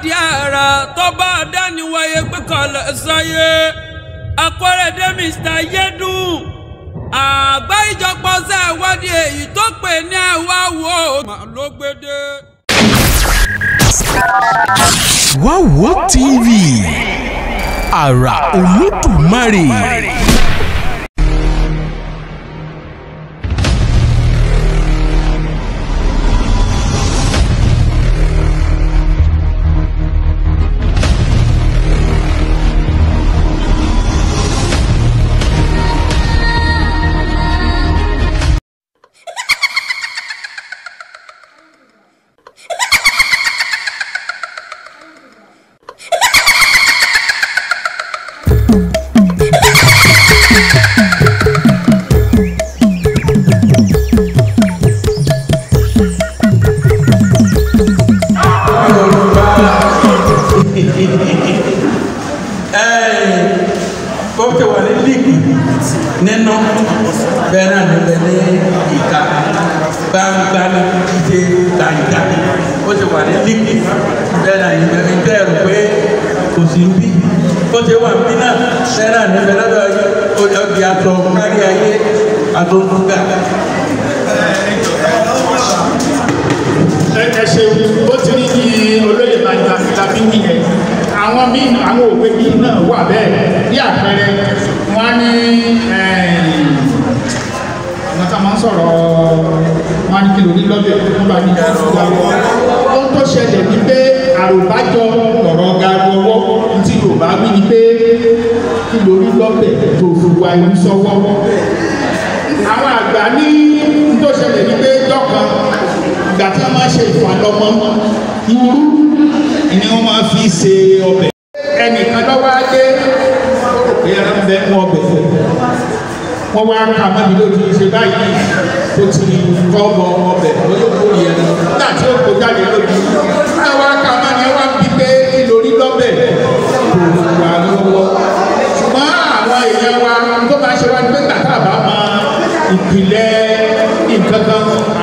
di ara tọ́ba dániwáyé pé kọlẹ̀ sáyé akọ́rẹ́dé mr yédùn àgbá ìjọpọ̀ sẹ́ ìwádìí èyí tó pè ní ẹ̀wá wo ló gbé dé. wáwo tv àrà olódùmarè. tó ti wà ní líìgì nínú bẹ́ẹ̀ náà ló bẹ ní ìta gbangba ní ìdíje gbangba ó ti wà ní líìgì bẹ́ẹ̀ náà yìí bẹ́ẹ̀ tẹ́ ẹ̀rù pé kò sí bí ó ti wà bí náà bẹ́ẹ̀ náà ló bẹ lọ́dọ̀ ọjọ́ di atọ́ kárí ayé atọ́nùgà. ẹ ṣeun ó ti ní olóyè máa ń gbà tàbí nìyẹn àwọn míì àwọn òwe bí náà wà bẹ́ẹ̀ bí àpẹẹrẹ wọ́n ní àwọn tá a máa ń sọ̀rọ̀ wọ́n ní kí lórí lọ́bẹ̀ wọ́n bá ní ìdásí ìdáwọ́ ohun tó ṣẹlẹ̀ ni pé àròbájọ lọ̀rọ̀ garu ọwọ́ tí yorùbá wí ni pé kí lórí lọ́bẹ̀ tó fi wa irú sọ́wọ́ àwọn àgbà ní tó ṣẹlẹ̀ ni pé dọ́kan ìgbà tí wọ́n máa ṣe ìfàlọ́mọ irú ni wọ́n máa fi ṣe ọbẹ̀. wọ́n wá ká mọ́bi lójú ṣe báyìí kó ti kọ́ bọ ọbẹ̀ olóko yẹn nígbà tí ó kó jáde lójú nígbà wá ká mọ́bi wá bí pé ìlórí lọ́bẹ̀ kò wà lọ́wọ́ ṣùgbọ́n àwọn èèyàn wa tó máa ṣe wá ní pé tàkà máa ìpìlẹ̀ nǹkan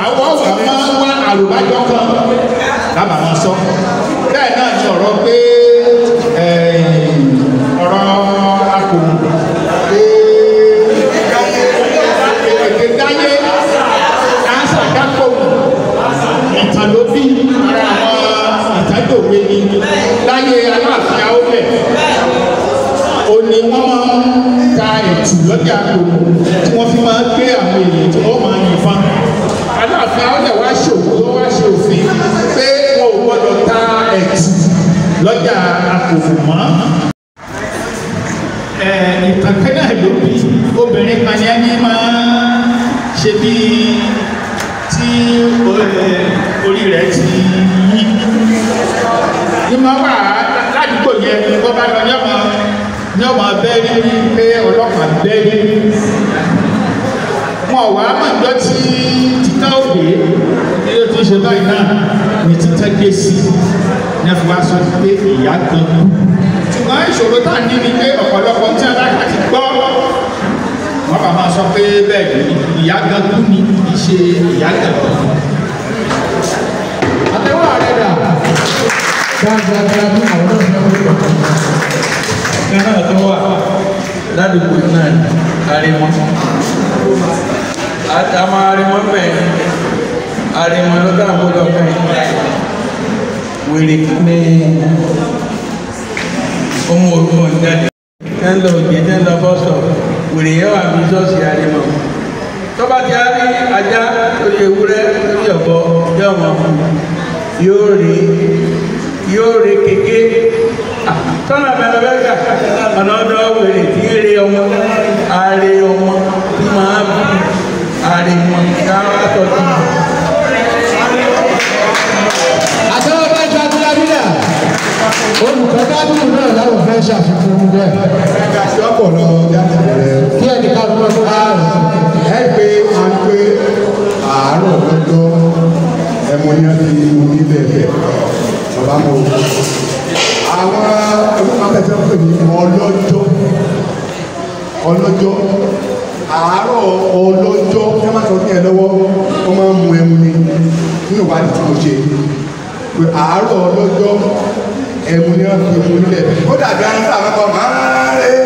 àwọn wà máa wá àrùbájọ́ kan lábàá máa sọ bẹ́ẹ̀ náà ni ọ̀rọ̀ pé. jù lọ́jà àgbòkù tí wọ́n fi máa ń gbé àwọn èèyàn tí wọ́n máa ń yìn fún aláàfin ọ̀dẹ̀ wá ṣòwò ló wá ṣe òfin pé wọn ò gbọ́dọ̀ ta ẹ̀tù lọ́jà àgbòkù mọ́. ìtàn kan náà ló bí obìnrin kan ní ẹni ṣe bí tí orí rẹ̀ ti yí. ní wà ládùúgbò yẹn bọ́ bá lọ ní ọmọ abẹ́rí pé ọlọ́pàá bẹ́rí wọn wà á máa gbọ́ tí títà òde ilé tó ṣe báyìí náà ní títà gẹ̀ẹ́sì ní a fi wá sọ pé ìyá kan kú ṣùgbọ́n ìṣòro tá a ní ni pé ọ̀pọ̀lọpọ̀ tí a bá ti gbọ́ wọn bá máa sọ pé bẹ́ẹ̀ ni ìyá kan kú ni kì í ṣe ìyá kan kú. àtẹwọ́ àrẹ dà dáadáa dáadáa àwọn náà ń bá wọn kan náà tó wà ládùúgbò náà arimọ àtàmà arimọ bẹ́ẹ̀ arimọ lọ́tà gbọ́dọ̀ bẹ́ẹ̀ wèrè ní ọmọ orúkọ jáde ẹ ń lọ òjì ẹ ń lọ bọ́sọ̀ wèrè yẹn wà bí sọ́ọ̀sì arimọ tọ́ba ti á rí ajá lórí ewúrẹ́ lórí ọ̀bọ yọ̀ọ̀mọ̀ yóò rí yóò rí kéke sọ́nà àbẹ̀lẹ̀bẹ̀kà ọ̀dọ́dọ́ wèrè tí ń re ọmọ ààrẹ ọmọ tí máa bù ààrẹ ọmọ káwá tọ́jú. àtàwọn bá ju adúlábílà olùkọ́ dábìlì náà láwọn fẹ́ ṣàfikún bẹ́ẹ̀. ọpọlọ kí ẹnì kan mọ fún wa. ẹ pé a ń pé àárọ̀ lọ́jọ́ ẹ̀mọ́ni àti onílẹ̀ bẹ̀ bàbá mọ̀ ọ́ àwọn ẹgbẹ́ abẹ́fẹ́ pè ní ọlọ́jọ́ ọlọ́jọ́ àárọ̀ ọlọ́jọ́ ẹ má sọ ní ẹ lọ́wọ́ wọ́n máa ń mu ẹmu ni nínú ìwádìí tí mo ṣe pé àárọ̀ ọlọ́jọ́ ẹmu ni wọ́n fi mu nílẹ̀ ó dàbí ansa àkọ́kọ́ máa rẹ̀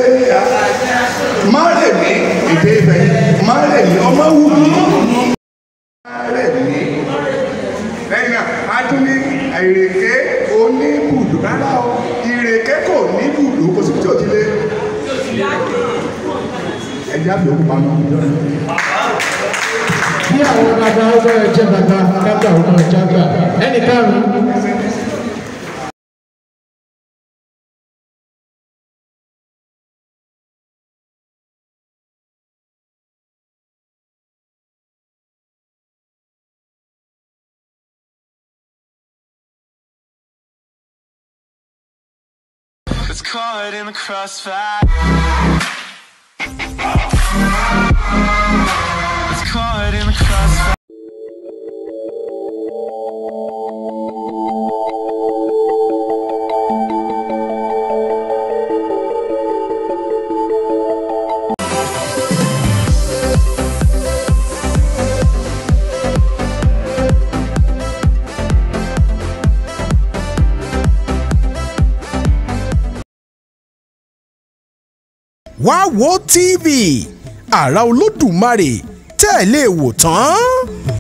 máa rẹ̀ mí èdè ìfẹ́ máa rẹ̀ mí ọmọ wù mí tẹ́lẹ̀ ní lẹ́yìn náà a tún ní ìrèké oníbùdó rárá o ìrèké kò ní bùdó kò sì tí ò ti lé ẹ̀jẹ̀ àbí òkú pa náà. bí àwọn bàbá ọgbà ẹ̀jẹ̀ bàbá kábà ọgbà ẹ̀jẹ̀ àgbà ẹnì karùn-ún. was caught in the crossfire. Was caught in the crossfire. wá wo tv àrà olódùmarè tẹ́ ẹ lè wò tán.